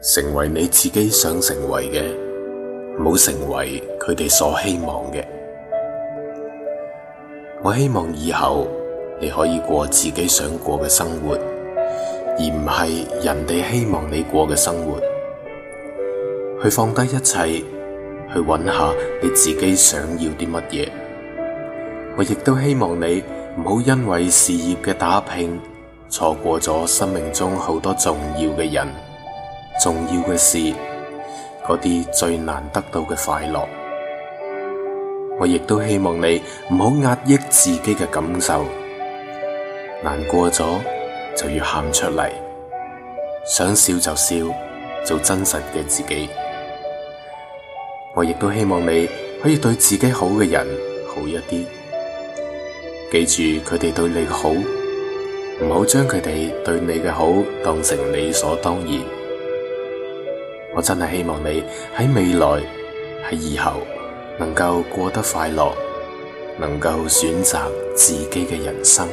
成為你自己想成為嘅，冇成為佢哋所希望嘅。我希望以後你可以過自己想過嘅生活，而唔係人哋希望你過嘅生活。去放低一切，去揾下你自己想要啲乜嘢。我亦都希望你唔好因為事業嘅打拼，錯過咗生命中好多重要嘅人。重要嘅事，嗰啲最難得到嘅快樂，我亦都希望你唔好壓抑自己嘅感受，難過咗就要喊出嚟，想笑就笑，做真實嘅自己。我亦都希望你可以對自己好嘅人好一啲，記住佢哋對你嘅好，唔好將佢哋對你嘅好當成理所當然。我真係希望你喺未來，喺以後，能夠過得快樂，能夠選擇自己嘅人生。